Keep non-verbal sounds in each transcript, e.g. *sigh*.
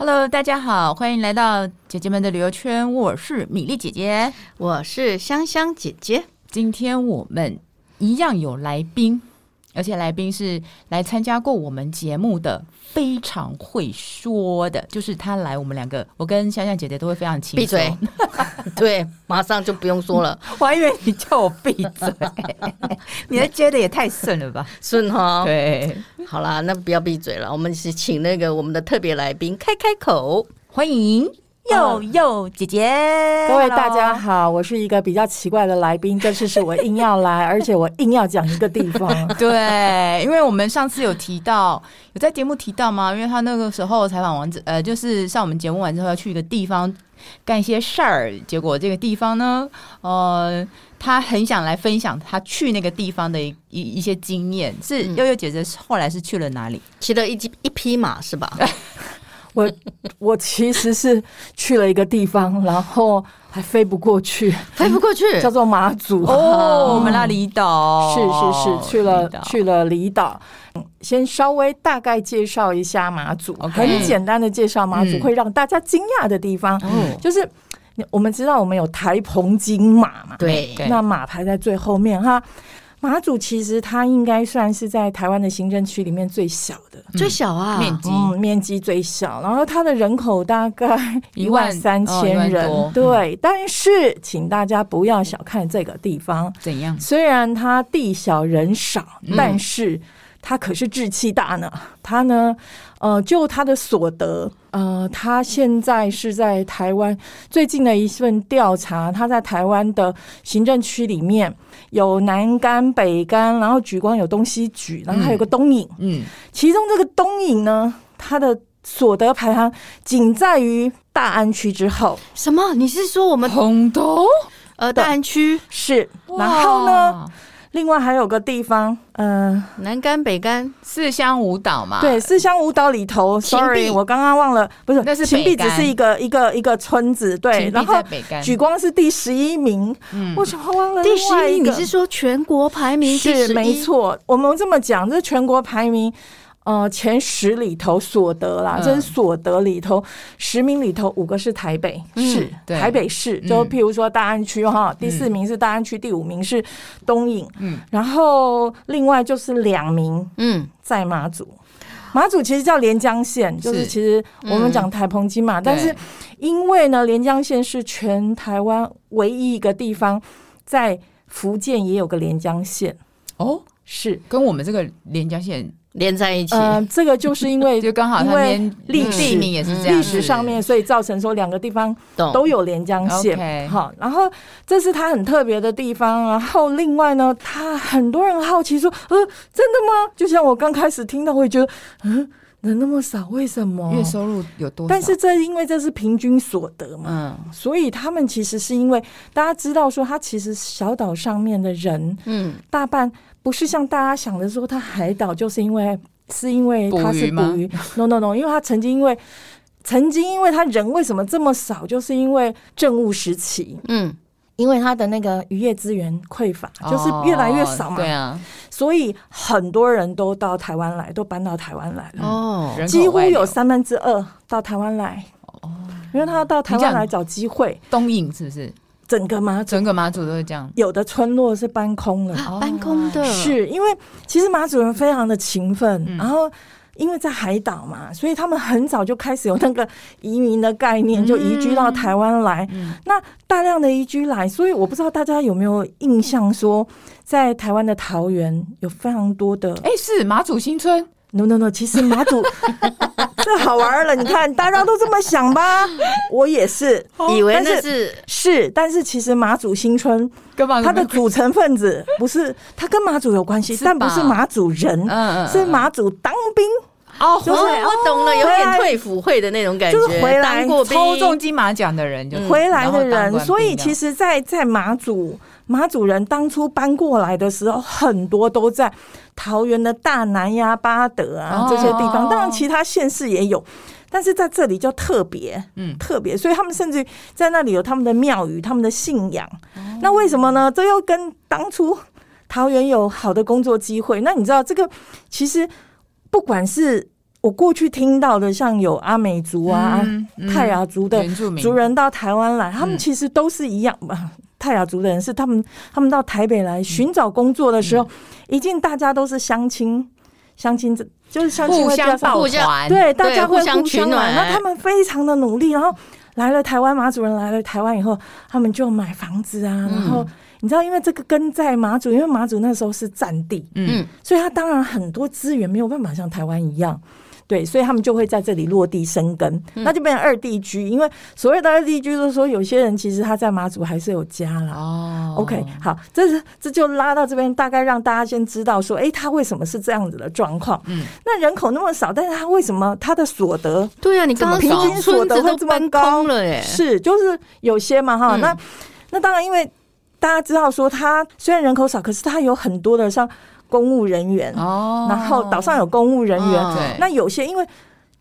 Hello，大家好，歡迎來到姐姐們的旅遊圈。我是米粒姐姐，我是湘湘姐姐。今天我們一樣有來賓，而且來賓是來參加過我們節目的，非常會說的，就是他來，我們兩個，我跟湘湘姐姐都會非常親。閉嘴。 *laughs* *laughs* 對，馬上就不用說了。我還以為你叫我閉嘴， *laughs* 你這接的也太順了吧，順 *laughs* 哈。對，好了，那不要閉嘴了。我們是請那個我們的特別來賓開開口，歡迎祐祐姐姐、Hello。各位大家好，我是一個比較奇怪的來賓，這次是，是我硬要來， *laughs* 而且我硬要講一個地方。 *laughs* 對，因為我們上次有提到，有在節目提到嗎？因為他那個時候採訪完呃，就是上我們節目完之後要去一個地方。幹一些事兒，結果這個地方呢，呃，他很想來分享他去那個地方的一一,一些經驗。是祐祐姐姐後來是去了哪裡？騎了一一匹馬是吧？哎、我我其實是去了一個地方， *laughs* 然後還飛不過去，飛不過去，叫做馬祖哦，我們那離島，是是是，哦、去了去了離島。先稍微大概介紹一下馬祖，Okay, 很簡單的介紹馬祖，會讓大家驚訝的地方。嗯，就是我們知道我們有台澎金馬嘛，對，那馬排在最後面哈。馬祖其實它應該算是在台灣的行政區裡面最小的，最小啊，嗯、面積、嗯，面積最小。然後它的人口大概一萬，一萬三千人，哦、對、嗯。但是，請大家不要小看這個地方，怎樣？雖然它地小人少，但是。嗯他可是志氣大呢，他呢，呃，就他的所得，呃，他現在是在台灣最近的一份調查，他在台灣的行政區裡面有南竿北竿、然後莒光有東西莒，然後還有個東引。嗯，其中這個東引呢，他的所得排行僅在於大安區之後。什麼？你是說我們東都？呃，大安區是，然後呢？另外還有個地方，嗯、呃，南竿北竿，四鄉、五島嘛，對，四鄉五島裡頭，sorry，我剛剛忘了，不是，那是北竿，芹壁只是一個一個一個村子，對，北竿然後莒光是第十一名，嗯，為什麼我忘了另外？第十一名你是說全國排名是，沒錯，我們這麼講，這全國排名。呃，前十裡頭所得啦，就、嗯、是所得裡頭十名裡頭五個是台北市，嗯、對，台北市就譬如說大安區哈，嗯、第四名是大安區，嗯、第五名是東引，嗯，然後另外就是兩名嗯在馬祖、嗯，馬祖其實叫連江縣、嗯，就是其實我們講台澎金馬、嗯，但是因為呢連江縣是全台灣唯一一個地方，在福建也有個連江縣哦，是跟我們這個連江縣。連在一起、呃，這個就是因為 *laughs* 就剛好因為歷史歷、嗯、史上面，所以造成說兩個地方都有連江縣哈、okay。然後這是它很特別的地方。然後另外呢，它很多人好奇說，呃，真的嗎？就像我剛開始聽到會覺得，嗯、呃。人那麼少，為什麼？月收入有多少？但是這因為這是平均所得嘛。嗯，所以他們其實是因為大家知道說，他其實小島上面的人，嗯，大半不是像大家想的說，他海島就是因為是因為他是捕魚。捕魚嗎？no no no，因為他曾經因為曾經因為他人為什麼這麼少，就是因為政務時期，嗯。因為他的那個漁業資源匱乏，就是越來越少嘛，哦、對啊，所以很多人都到台灣來，都搬到台灣來了哦，幾乎有三分之二到台灣來哦，因為他要到台灣來找機會。東引是不是整個馬整個馬祖都是這樣？有的村落是搬空了，啊、搬空的，是因為其實馬祖人非常的勤奮、嗯，然後。因為在海島嘛，所以他們很早就開始有那個移民的概念，嗯、就移居到台灣來、嗯。那大量的移居來，所以我不知道大家有沒有印象說，說、嗯、在台灣的桃園有非常多的哎、欸，是馬祖新村。No No No，其實馬祖這 *laughs* *laughs* 好玩兒了，你看大家都這麼想吧， *laughs* 我也是以為是是，是，但是其實馬祖新村根本它的組成分子不是，它跟馬祖有關係，但不是馬祖人，嗯嗯嗯，是馬祖當兵。哦，就是我懂了，有點退輔會的那種感覺。就是回來抽中金馬獎的人、就是，就、嗯、回來的人。的所以其實在，在在馬祖馬祖人當初搬過來的時候，很多都在桃園的大湳呀、八德啊這些地方、哦，當然其他縣市也有，但是在這裡就特別，嗯，特別。所以他們甚至在那裡有他們的廟宇、他們的信仰、哦。那為什麼呢？這又跟當初桃園有好的工作機會。那你知道這個其實。不管是我過去聽到的，像有阿美族啊、嗯嗯、泰雅族的族人到台灣來，他們其實都是一樣嘛、嗯。泰雅族的人是他們，他們到台北來尋找工作的時候，已、嗯、經大家都是相親，相親，這就是相親會互相互相對，對大家會互相，互相暖。然後他們非常的努力，然後來了台灣馬祖人來了台灣以後，他們就買房子啊，嗯、然後。你知道，因為這個根在馬祖，因為馬祖那時候是戰地，嗯，所以他當然很多資源沒有辦法像台灣一樣，對，所以他們就會在這裡落地生根，嗯、那就變成二地居。因為所謂的二地居，就是說有些人其實他在馬祖還是有家啦。哦，OK，好，這是這就拉到這邊，大概讓大家先知道說，哎、欸，他為什麼是這樣子的狀況？嗯，那人口那麼少，但是他為什麼他的所得？對啊，你剛剛平均所得都這麼高了，哎，是，就是有些嘛哈、嗯，那那當然因為。大家知道說，它雖然人口少，可是它有很多的像公務人員，哦、然後島上有公務人員、嗯。那有些因為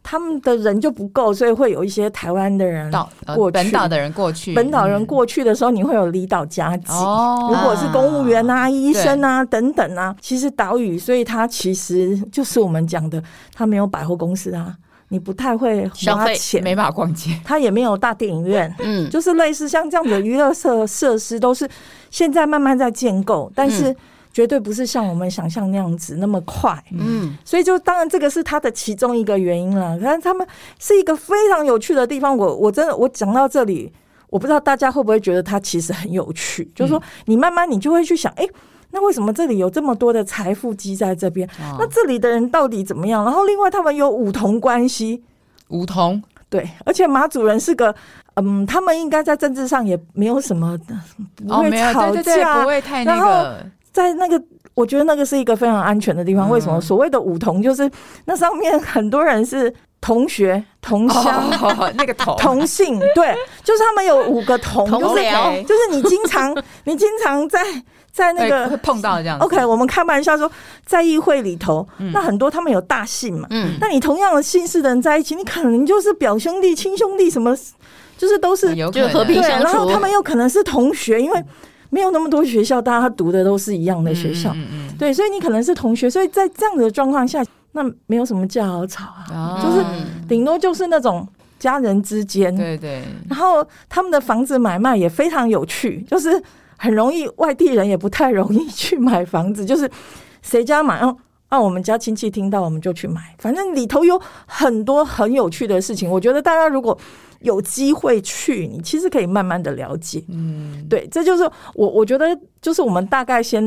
他們的人就不夠，所以會有一些台灣的人過去，呃、本島的人過去，嗯、本島人過去的時候，你會有離島加給。如果是公務員啊、嗯、醫生啊等等啊，其實島嶼，所以它其實就是我們講的，它沒有百貨公司啊。你不太會花錢，消費，沒辦法逛街，它也沒有大電影院，嗯，就是類似像這樣子的娛樂設設施都是現在慢慢在建構，嗯、但是絕對不是像我們想象那樣子那麼快，嗯，所以就當然這個是它的其中一個原因了。反正他們是一個非常有趣的地方，我我真的我講到這裡，我不知道大家會不會覺得它其實很有趣，就是說你慢慢你就會去想，哎、欸。那為什麼這裡有這麼多的財富積在這邊、哦？那這裡的人到底怎麼樣？然後另外他們有五同關係，五同對，而且馬祖人是個，嗯，他們應該在政治上也沒有什麼不會吵架，哦、沒有對對對不會太那個。然後在那個，我覺得那個是一個非常安全的地方。嗯、為什麼所謂的五同，就是那上面很多人是。同學、同鄉、哦、那個同同姓，對， *laughs* 就是他們有五個同,同僚、就是哦，就是你經常 *laughs* 你經常在在那個、欸、會碰到這樣。OK，我們開玩笑說，在議會裡頭、嗯，那很多他們有大姓嘛，嗯，那你同樣的姓氏的人在一起，你可能就是表兄弟、親兄弟，什麼就是都是、嗯、有可能。對，然後他們又可能是同學、嗯，因為沒有那麼多學校，大家讀的都是一樣的學校，嗯嗯嗯對，所以你可能是同學，所以在這樣子的狀況下。那沒有什麼叫好吵啊，oh. 就是頂多就是那種家人之間，對對。然後他們的房子買賣也非常有趣，就是很容易，外地人也不太容易去買房子，就是誰家買，然後啊，啊我們家親戚聽到我們就去買，反正裡頭有很多很有趣的事情，我覺得大家如果。有機會去，你其實可以慢慢的了解。嗯，對，這就是我我覺得，就是我們大概先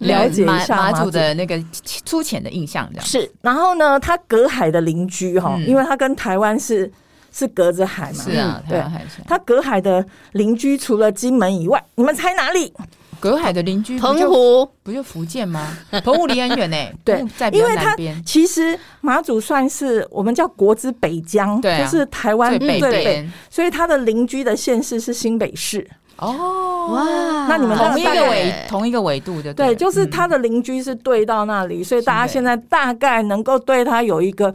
了解一下馬祖，嗯、馬、馬祖的那個粗淺的印象這樣。是，然後呢，他隔海的鄰居哈、哦嗯，因為他跟台灣是是隔着海嘛，嗯、是啊，對，它隔海的鄰居除了金門以外，你們猜哪裡？隔海的鄰居，澎湖不就福建嗎？澎湖離很遠、欸、 *laughs* 對，嗯、在比較南邊。因為它其實馬祖算是我們叫國之北疆，啊，就是台灣最北邊，嗯，所以它的鄰居的縣市是新北市。哦哇，那你們那同一個緯同一個緯度的，對，就是它的鄰居是對到那裡、嗯，所以大家現在大概能夠對它有一個。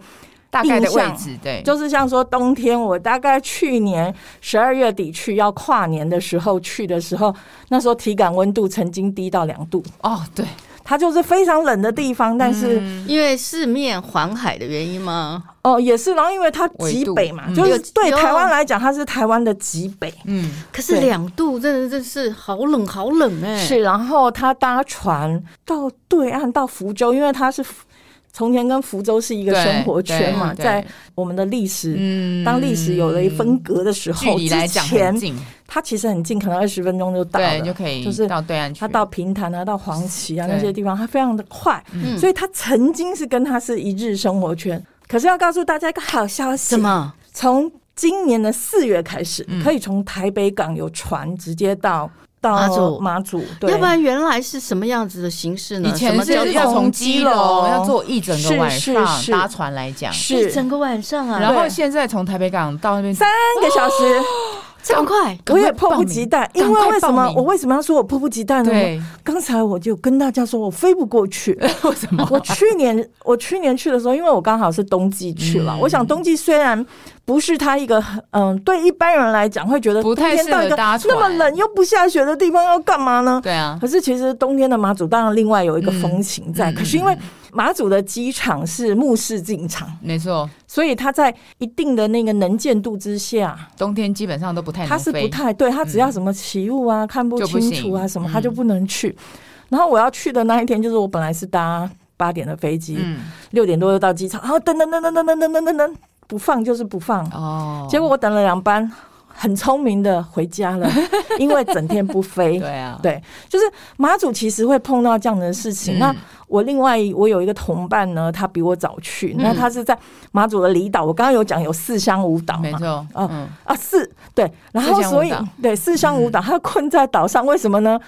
大概的位置對，就是像說冬天，我大概去年十二月底去要跨年的時候去的時候，那時候體感溫度曾經低到兩度哦，對，它就是非常冷的地方，但是、嗯、因為四面環海的原因嗎？哦，也是，然後因為它極北嘛，嗯、就是對台灣來講，它是台灣的極北，嗯，可是兩度真的真是好冷好冷哎、欸，是，然後他搭船到對岸到福州，因為它是。從前跟福州是一個生活圈嘛，在我們的歷史、嗯，當歷史有了一分隔的時候，嗯、之前它其實很近，可能二十分鐘就到了，就可以就是到對岸，就是、到平潭啊，到黃岐啊那些地方，它非常的快、嗯，所以它曾經是跟它是一日生活圈。嗯、可是要告訴大家一個好消息，什麼？從今年的四月開始、嗯，可以從台北港有船直接到。到馬祖，馬祖，對，要不然原來是什麼樣子的形式呢？以前就是要從基隆，要坐一整個晚上是是是搭船來講，是，是整個晚上啊。然後現在從台北港到那邊三個小時，這、哦、麼快，我也迫不及待。因為為什麼我為什麼要說我迫不及待呢？剛才我就跟大家說我飛不過去，為 *laughs* 什麼？我去年我去年去的時候，因為我剛好是冬季去了、嗯，我想冬季雖然。不是他一個，嗯，對一般人來講會覺得不太適合搭，那麼冷又不下雪的地方要幹嘛呢？對啊。可是其實冬天的馬祖當然另外有一個風情在。嗯嗯、可是，因為馬祖的機場是目視進場，沒錯，所以他在一定的那個能見度之下，冬天基本上都不太。他是不太對，他只要什麼起霧啊、嗯、看不清楚啊什麼，他就、就不能去、嗯。然後我要去的那一天，就是我本來是搭八點的飛機，六、嗯、點多就到機場然後等等等等等等等等等。不放就是不放，哦、oh.，結果我等了兩班，很聰明的回家了， *laughs* 因為整天不飛， *laughs* 對啊，對，就是馬祖其實會碰到這樣的事情。嗯、那我另外我有一個同伴呢，他比我早去，嗯、那他是在馬祖的離島，我剛剛有講有四鄉五島嘛，沒錯、嗯，啊啊四對，然後所以對四鄉五島、嗯，他困在島上，為什麼呢？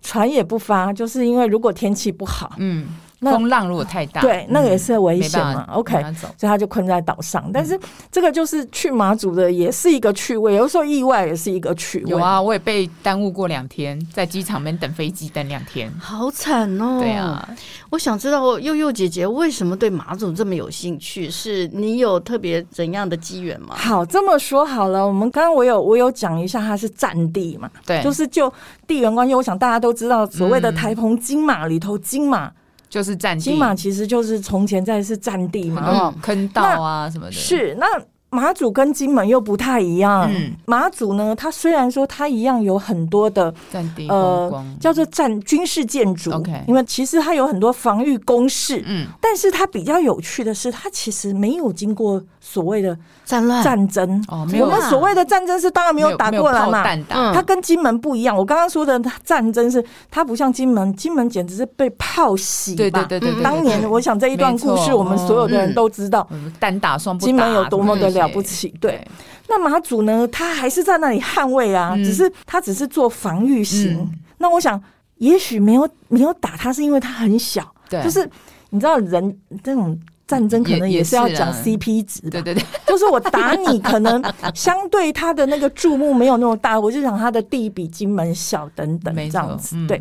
船也不發，就是因為如果天氣不好，嗯。風浪如果太大，對，嗯、那個、也是危險嘛。OK，所以他就困在島上、嗯。但是這個就是去馬祖的，也是一個趣味、嗯。有時候意外也是一個趣味。有啊，我也被耽誤過兩天，在機場面等飛機等兩天，好慘哦。對啊，我想知道祐祐姐姐為什麼對馬祖這麼有興趣？是你有特別怎樣的機緣嗎？好，這麼說好了，我們剛剛我有我有講一下，它是戰地嘛，對，就是就地緣關係，我想大家都知道，所謂的台澎金馬裡頭金馬。嗯嗯就是戰地，金馬其實就是從前在是戰地嘛，然後坑道啊什麼的，是、嗯、那。是那馬祖跟金門又不太一樣。嗯，馬祖呢，他雖然說他一樣有很多的，戰地呃，叫做戰軍事建築。OK，因為其實他有很多防御工事。嗯，但是他比較有趣的是，他其實沒有經過所謂的戰亂戰爭。哦，沒有。我們所謂的戰爭是當然沒有打過來嘛。他跟金門不一樣。我剛剛說的戰爭是他、嗯、不像金門，金門簡直是被炮襲。對對對,對對對對對。當年我想這一段故事，我們所有的人都知道。單、嗯嗯、打雙不打金門有多麼的了。是是是不起，對。那馬祖呢？他還是在那裡捍衛啊、嗯，只是他只是做防禦型、嗯。那我想，也許沒有沒有打他，是因為他很小。對。就是你知道，人這種戰爭可能也是要講 CP 值的。對對對，就是我打你，可能相對他的那個注目沒有那麼大。 *laughs* 我就想他的地比金門小等等這樣子、嗯，對。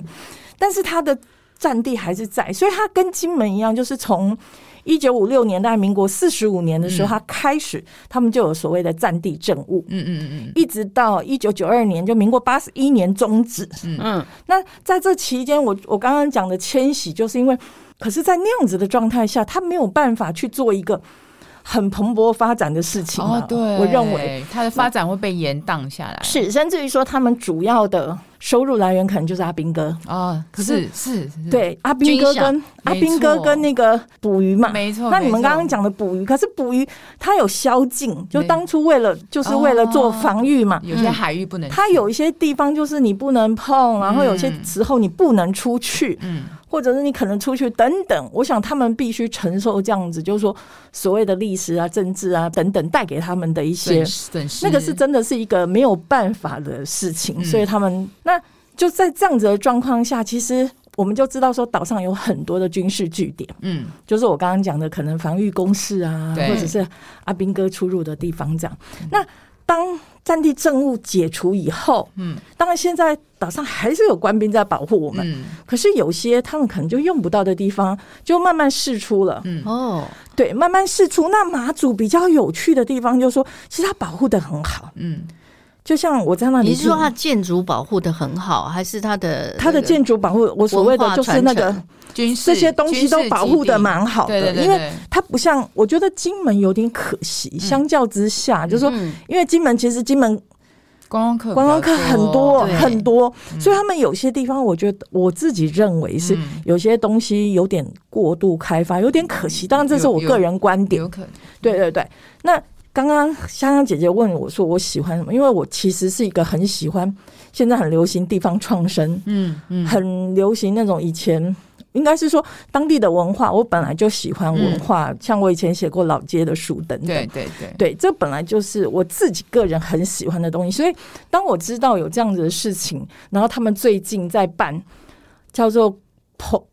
但是他的戰地還是在，所以他跟金門一樣，就是從。一九五六年，大概民國四十五年的時候，他開始，他們就有所謂的戰地政務，嗯嗯嗯，一直到一九九二年，就民國八十一年終止，嗯嗯。那在這期間，我我剛剛講的遷徙，就是因為，可是在那樣子的狀態下，他沒有辦法去做一個很蓬勃發展的事情哦，對，我認為它的發展會被延宕下來，是，甚至於說他們主要的。收入來源可能就是阿兵哥啊、哦，可是可是，是，是，對阿兵哥跟阿兵哥跟那個捕魚嘛，沒錯。那你們剛剛講的捕魚，可是捕魚它有宵禁，就當初為了、哦、就是為了做防禦嘛，有些海域不能。它有一些地方就是你不能碰、嗯，然後有些時候你不能出去，嗯，或者是你可能出去等等。嗯、我想他們必須承受這樣子，就是說所謂的歷史啊、政治啊等等帶給他們的一些、嗯、那個是真的是一個沒有辦法的事情，嗯、所以他們那。就在這樣子的狀況下，其實我們就知道說，島上有很多的軍事據點，嗯，就是我剛剛講的，可能防禦工事啊，或者是阿兵哥出入的地方這樣，嗯。那當戰地政務解除以後，嗯，當然現在島上還是有官兵在保護我們，嗯，可是有些他們可能就用不到的地方，就慢慢釋出了，嗯，哦，對，慢慢釋出。那馬祖比較有趣的地方，就是說其實它保護得很好，嗯。就像我在那裡，你是說它建築保護的很好，還是它的它的建築保護？我所謂的就是那個軍事這些東西都保護的蠻好的對對對對。因為它不像我覺得金門有點可惜。嗯、相較之下，嗯、就是說，因為金門其實金門、嗯、觀光客觀光客很多很多、嗯，所以他們有些地方，我覺得我自己認為是有些東西有點過度開發，嗯、有點可惜。當然，這是我個人觀點，有可能。對對對，那。剛剛湘湘姐姐問我說：“我喜歡什麼？”因為我其實是一個很喜歡現在很流行地方創生，嗯嗯，很流行那種以前應該是說當地的文化。我本來就喜歡文化，嗯、像我以前寫過老街的書等等，對對對，對，這本來就是我自己個人很喜歡的東西。所以當我知道有這樣子的事情，然後他們最近在辦叫做。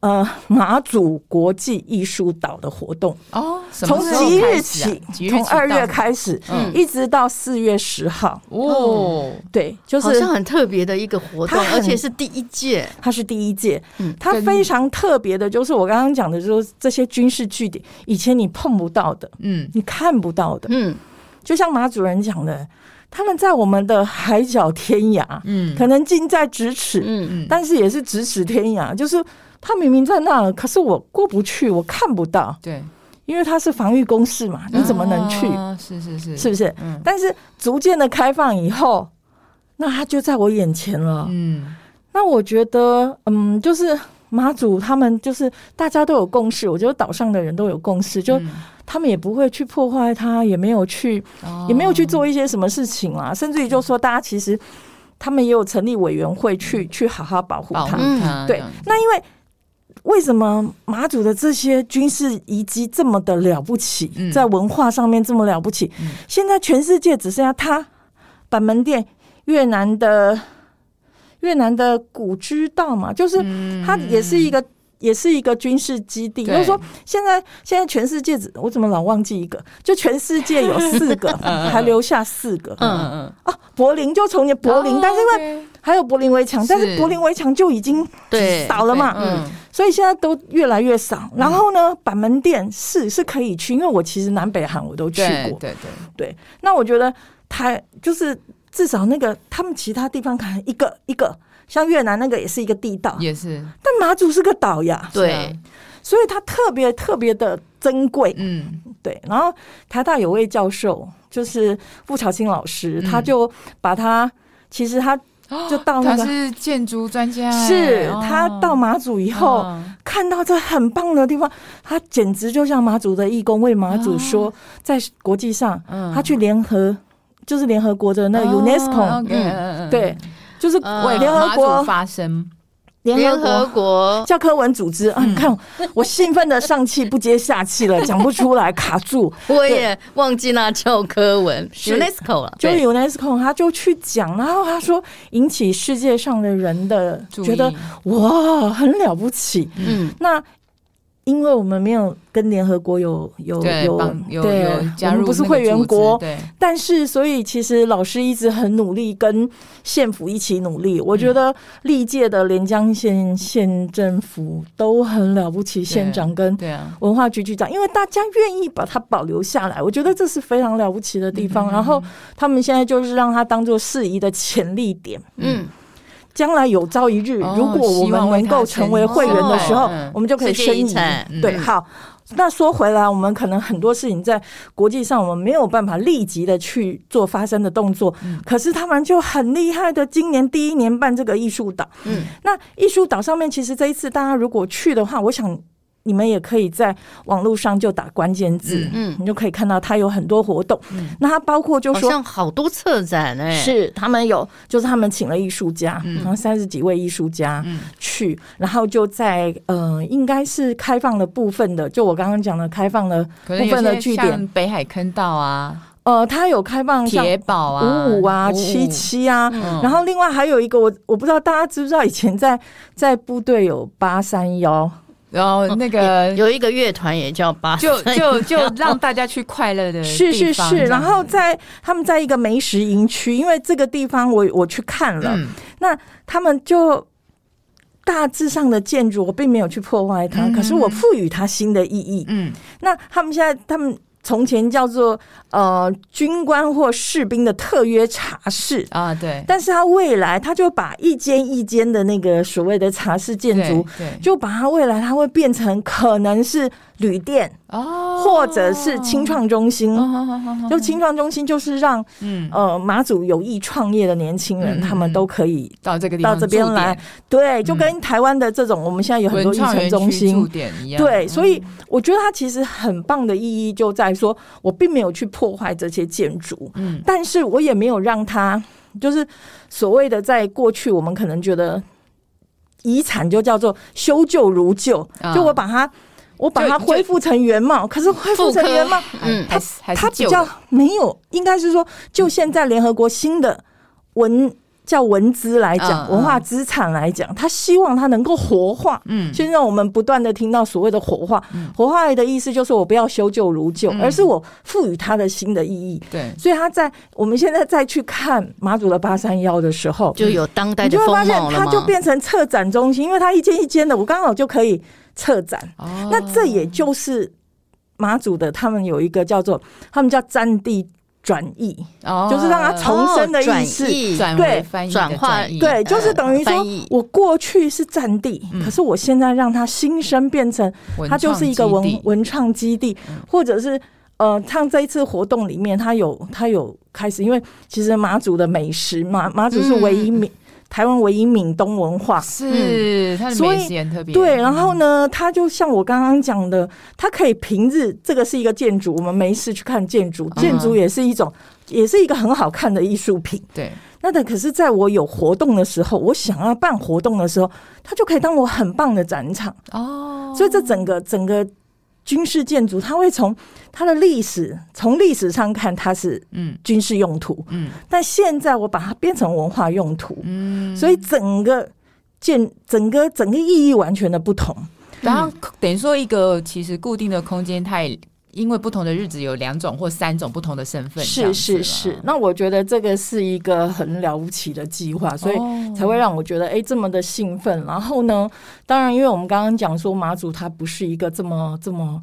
呃馬祖國際藝術島的活動哦，從、啊、幾日起，從二月開始，嗯、一直到四月十號哦，對，就是好像很特別的一個活動，而且是第一屆，它是第一屆、嗯，它非常特別的，就是我剛剛講的，就是這些軍事據點以前你碰不到的，嗯，你看不到的，嗯，就像馬祖人講的，他們在我們的海角天涯，嗯，可能近在咫尺，嗯嗯，但是也是咫尺天涯，就是。他明明在那兒，可是我過不去，我看不到。對，因為它是防禦工事嘛，你怎麼能去、啊？是是是，是不是？嗯。但是逐漸的開放以後，那他就在我眼前了。嗯。那我覺得，嗯，就是馬祖他們，就是大家都有共識。我覺得島上的人都有共識，就、嗯、他們也不會去破壞它，也沒有去、哦，也沒有去做一些什麼事情啊。甚至於就說，大家其實他們也有成立委員會去去好好保護它。對、嗯。那因為為什麼馬祖的這些軍事遺跡這麼的了不起、嗯？在文化上面這麼了不起、嗯？現在全世界只剩下它、板門店、越南的、越南的古居道嘛，就是它也是一個、嗯、也是一個軍事基地。就、嗯、說現在現在全世界只我怎麼老忘記一個？就全世界有四個 *laughs* 還留下四個？嗯嗯，嗯啊，柏林就從前柏林，oh, okay. 但是因為還有柏林圍牆，但是柏林圍牆就已經對倒了嘛？嗯。嗯所以現在都越來越少。然後呢，板門店是是可以去，因為我其實南北韓我都去過。對對對。對那我覺得台就是至少那個他們其他地方可能一個一個，像越南那個也是一個地道，也是。但馬祖是個島呀，對。所以它特別特別的珍貴，嗯，對。然後台大有位教授，就是傅朝清老師，他就把它、嗯、其實他。就到那個，他是建築專家。是、哦、他到馬祖以後、哦，看到這很棒的地方，他簡直就像馬祖的義工。為馬祖說，哦、在國際上、嗯，他去聯合，就是聯合國的那個 UNESCO，、哦 okay, 對,嗯、對，就是、呃、為聯合國發聲。聯合國教科文組織啊，你、嗯嗯、看我興奮的上氣不接下氣了，講 *laughs* 不出來，卡住。我也忘記那教科文 *laughs* UNESCO 了，是就 UNESCO，他就去講，然後他說引起世界上的人的覺得哇，很了不起。嗯，那。因為我們沒有跟聯合國有有對有有對有，有我們不是會員國、那個。但是所以其實老師一直很努力跟縣府一起努力。我覺得歷屆的連江縣縣政府都很了不起，縣長跟文化局局長、啊，因為大家願意把它保留下來，我覺得這是非常了不起的地方。嗯、然後他們現在就是讓它當做世遺的潛力點。嗯。嗯將來有朝一日、哦，如果我們能夠成為會員的時候、哦、我們就可以升級、嗯。對、嗯，好。那說回來，我們可能很多事情在國際上，我們沒有辦法立即的去做發聲的動作、嗯。可是他們就很厲害的，今年第一年辦這個藝術島。嗯，那藝術島上面，其實這一次大家如果去的話，我想。你們也可以在網絡上就打關鍵字，嗯，你就可以看到它有很多活動。嗯、那它包括就說，好，像好多策展哎、欸，是他們有，就是他們請了藝術家、嗯，然後三十幾位藝術家去、嗯，然後就在嗯、呃，應該是開放的部分的，就我剛剛講的開放的部分的據點，北海坑道啊，呃，它有開放鐵堡啊，五五啊，七七啊、嗯，然後另外還有一個，我我不知道大家知不知道，以前在在部隊有八三一。然後那個、哦、有一個樂團也叫八，就就就讓大家去快樂的地方 *laughs* 是是是，然後在他們在一個梅石營區，因為這個地方我我去看了、嗯，那他們就大致上的建築我並沒有去破壞它，嗯、哼哼可是我賦予它新的意義。嗯，那他們現在他們。從前叫做呃軍官或士兵的特約茶室啊，對。但是他未來，他就把一間一間的那個所謂的茶室建築，對，就把它未來，他會變成可能是。旅店，或者是青創中心，就青創中心就是讓，呃，馬祖有意創業的年輕人、嗯，他們都可以到這，到這個地方，到這邊來，對，就跟台灣的這種，我們現在有很多青創中心，對，所以我覺得它其實很棒的意義就在說，我並沒有去破壞這些建築，嗯，但是我也沒有讓它，就是所謂的在過去，我們可能覺得遺產就叫做修舊如舊，就我把它。我把它恢復成原貌，可是恢復成原貌，嗯、它它比較沒有，嗯、應該是說，就現在聯合國新的文、嗯、叫文資來講、嗯，文化資產來講，他希望它能夠活化，嗯，先讓我們不斷的聽到所謂的活化，嗯、活化的意思就是我不要修舊如舊、嗯，而是我賦予它的新的意義，對、嗯，所以他在我們現在再去看馬祖的八三幺的時候，就有當代風貌了嘛，你就會發現，它就變成策展中心，因為它一間一間的，我剛好就可以。策展、哦，那這也就是馬祖的，他們有一個叫做他們叫戰地轉譯、哦，就是讓它重生的意思，哦、對，轉換，對，就是等於說我過去是戰地，嗯、可是我現在讓它新生變成，它就是一個文文創基、基地，或者是呃，像這一次活動裡面他，它有它有開始，因為其實馬祖的美食，嘛，馬祖是唯一。嗯台灣唯一閩東文化是，是特所以對，然後呢，它就像我剛剛講的，它可以平日這個是一個建築，我們沒事去看建築，建築也是一種，uh -huh. 也是一個很好看的藝術品。對，那的可是在我有活動的時候，我想要辦活動的時候，它就可以當我很棒的展場哦。Oh. 所以這整個整個。軍事建築，它會從它的歷史，從歷史上看，它是嗯軍事用途嗯，嗯，但現在我把它變成文化用途，嗯，所以整個建整個整個意義完全的不同，嗯、然後等於說一個其實固定的空間太。因為不同的日子有兩種或三種不同的身份，是是是。那我覺得這個是一個很了不起的計劃，所以才會讓我覺得誒、欸、這麼的興奮。然後呢，當然，因為我們剛剛講說馬祖它不是一個這麼這麼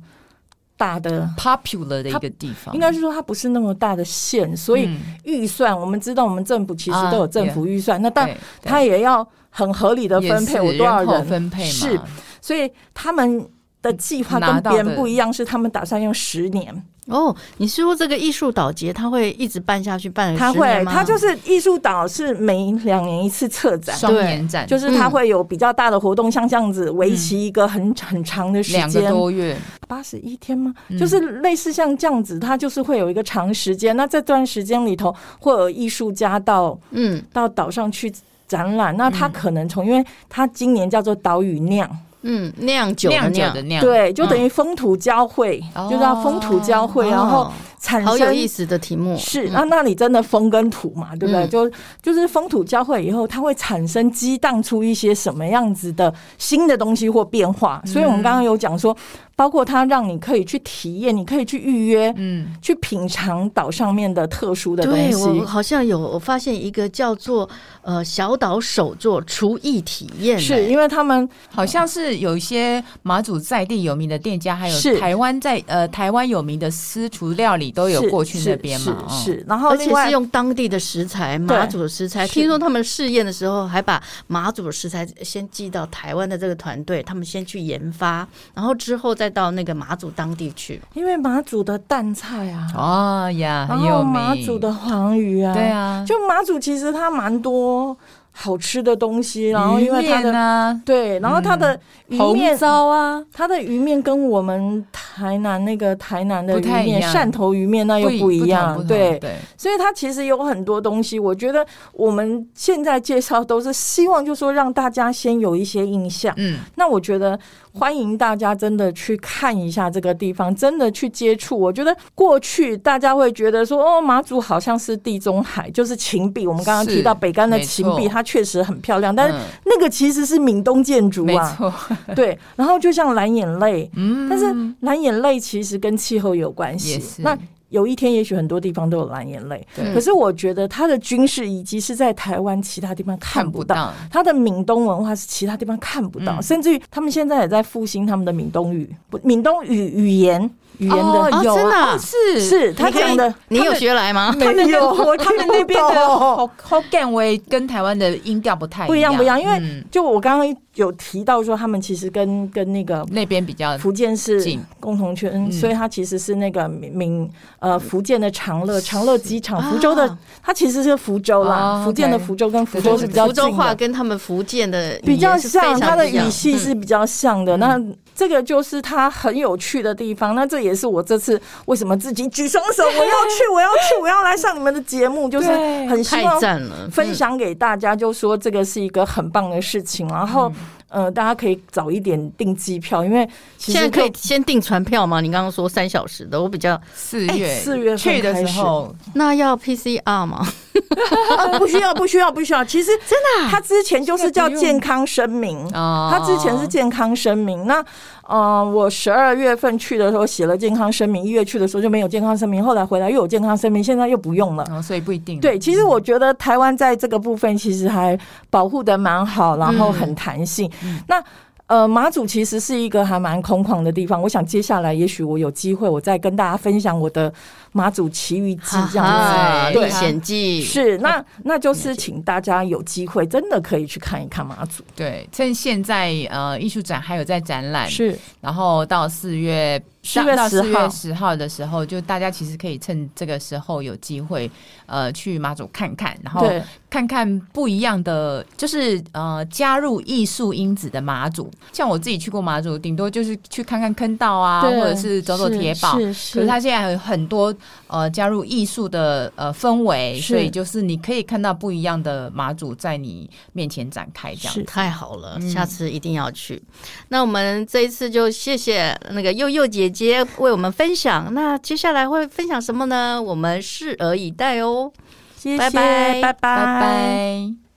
大的、嗯、popular 的一個地方，應該是說它不是那麼大的縣，所以預算、嗯、我們知道我們政府其實都有政府預算，uh, yeah, 那但它也要很合理的分配我多少人，人分配嘛是，所以他們。的計劃跟別人不一樣，是他們打算用十年哦。你是說這個藝術島節，他會一直辦下去辦，辦他會，他就是藝術島是每兩年一次策展、雙年展，就是他會有比較大的活動，嗯、像這樣子，為期一個很很長的時間，嗯、兩個多月，八十一天嗎、嗯？就是類似像這樣子，它就是會有一個長時間。那這段時間裡頭，會有藝術家到嗯到島上去展覽。那他可能從、嗯，因為他今年叫做島嶼釀。嗯，釀酒釀酒的釀，對，就等於風土交匯、嗯，就是、啊、風土交匯、哦，然後產生、哦、好有意思的題目。是，嗯啊、那那裡真的風跟土嘛，對不對？嗯、就就是風土交匯以後，它會產生激盪出一些什麼樣子的新的東西或變化。所以我們剛剛有講說。嗯嗯包括他讓你可以去體驗，你可以去預約，嗯，去品嘗島上面的特殊的東西。對我好像有我發現一個叫做呃小島手作廚藝體驗，是因為他們好像是有一些馬祖在地有名的店家，嗯、還有台灣在呃台灣有名的私廚料理都有過去那邊嘛，是。然後、哦、而且是用當地的食材，馬祖的食材。聽說他們試驗的時候還把馬祖食材先寄到台灣的這個團隊，他們先去研發，然後之後再。到那個馬祖當地去，因為馬祖的淡菜啊，哦呀，然後馬祖的黃魚啊，對啊，就馬祖其實它蠻多、哦。好吃的東西，然後因為它的、啊、對，然後它的魚麵、嗯、糟啊，它的魚麵跟我們台南那個台南的魚麵、汕頭魚麵那又不一樣對不不對？對，所以它其實有很多東西。我覺得我們現在介紹都是希望，就是說讓大家先有一些印象。嗯，那我覺得歡迎大家真的去看一下這個地方，真的去接觸。我覺得過去大家會覺得說，哦，馬祖好像是地中海，就是芹壁，我們剛剛提到北竿的芹壁它確實很漂亮，但是那個其實是閩東建築啊，對。然後就像藍眼淚，嗯，但是藍眼淚其實跟氣候有關係。那有一天，也許很多地方都有藍眼淚。可是我覺得它的軍事遺跡是在台灣其他地方看不，看不到，它的閩東文化是其他地方看不到，嗯、甚至於他們現在也在復興他們的閩東語，不，閩東語語言。語言的、哦、有、啊、是是他講的，你有學來嗎？他們有，他們那邊的 Hok h g a n 跟台灣的音調不太不一樣，不一樣。因為、嗯、就我剛剛有提到說，他們其實跟跟那個那邊比較，福建是共同圈，嗯、所以他其實是那個閩呃福建的長樂，長樂機場、啊，福州的，他其實是福州啦、啊，福建的福州跟福州是比較近的，對對對，福州話跟他們福建的比較像，他的語系是比較像的、嗯、那。這個就是它很有趣的地方，那這也是我這次為什麼自己舉雙手，我要去，我要去，我要來上你們的節目，就是很希望分享給大家，嗯，就說這個是一個很棒的事情，然後。呃，大家可以早一點訂機票，因為其實現在可以先訂船票嗎？你剛剛說三小時的，我比較四月四月份去的時候，那要 PCR 嗎、 *laughs* 呃？不需要，不需要，不需要。其實 *laughs* 真的，啊，他之前就是叫健康聲明，他之前是健康聲明那。嗯、呃，我十二月份去的時候寫了健康聲明，一月去的時候就沒有健康聲明，後來回來又有健康聲明，現在又不用了，哦、所以不一定。對，其實我覺得台灣在這個部分其實還保護得蠻好，然後很彈性。嗯、那呃，馬祖其實是一個還蠻空曠的地方，我想接下來也許我有機會，我再跟大家分享我的。馬祖奇遇記這樣子，歷險記是那，那就是請大家有機會，真的可以去看一看馬祖。對，趁現在呃藝術展還有在展覽，是，然後到四月四月10號到四月十號的時候，就大家其實可以趁這個時候有機會呃去馬祖看看，然後看看不一樣的，就是呃加入藝術因子的馬祖。像我自己去過馬祖，頂多就是去看看坑道啊，或者是走走鐵堡，是是是。可是他現在有很多，呃，加入藝術的呃氛圍，所以就是你可以看到不一樣的馬祖在你面前展開，這樣子。是太好了，嗯，下次一定要去。那我們這一次就謝謝那個祐祐姐姐為我們分享，那接下來會分享什麼呢？我們拭目以待哦，喔，拜拜拜拜拜，拜拜。